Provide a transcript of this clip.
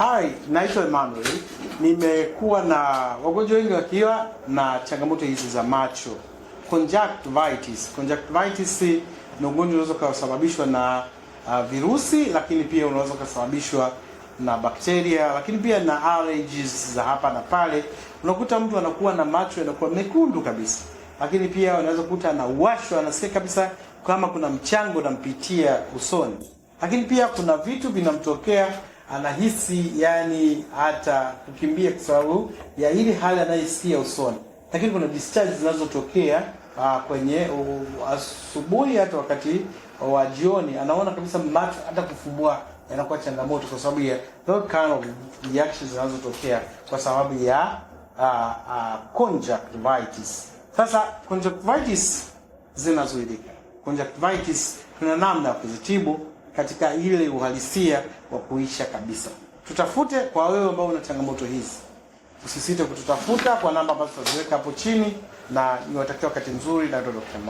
Hi, naitwa Emmanuel. Nimekuwa na wagonjwa wengi wakiwa na changamoto hizi za macho. Conjunctivitis. Conjunctivitis ni ugonjwa unaweza kusababishwa na uh, virusi lakini pia unaweza kusababishwa na bakteria lakini pia na allergies za hapa na pale. Unakuta mtu anakuwa na macho yanakuwa mekundu kabisa. Lakini pia unaweza kukuta anawashwa, anasikia kabisa kama kuna mchango unampitia usoni. Lakini pia kuna vitu vinamtokea anahisi yani hata kukimbia kwa sababu ya ile hali anayesikia usoni, lakini kuna discharge zinazotokea ah, kwenye asubuhi hata wakati wa jioni, anaona kabisa macho hata kufumbua yanakuwa changamoto kwa sababu ya those kind of reactions zinazotokea kwa sababu ya uh, uh, conjunctivitis. Sasa conjunctivitis zinazuilika. Conjunctivitis kuna namna ya kuzitibu katika ile uhalisia wa kuisha kabisa. Tutafute kwa wewe ambao una changamoto hizi, usisite kututafuta kwa namba ambazo tutaziweka hapo chini, na niwatakia wakati mzuri na Dr.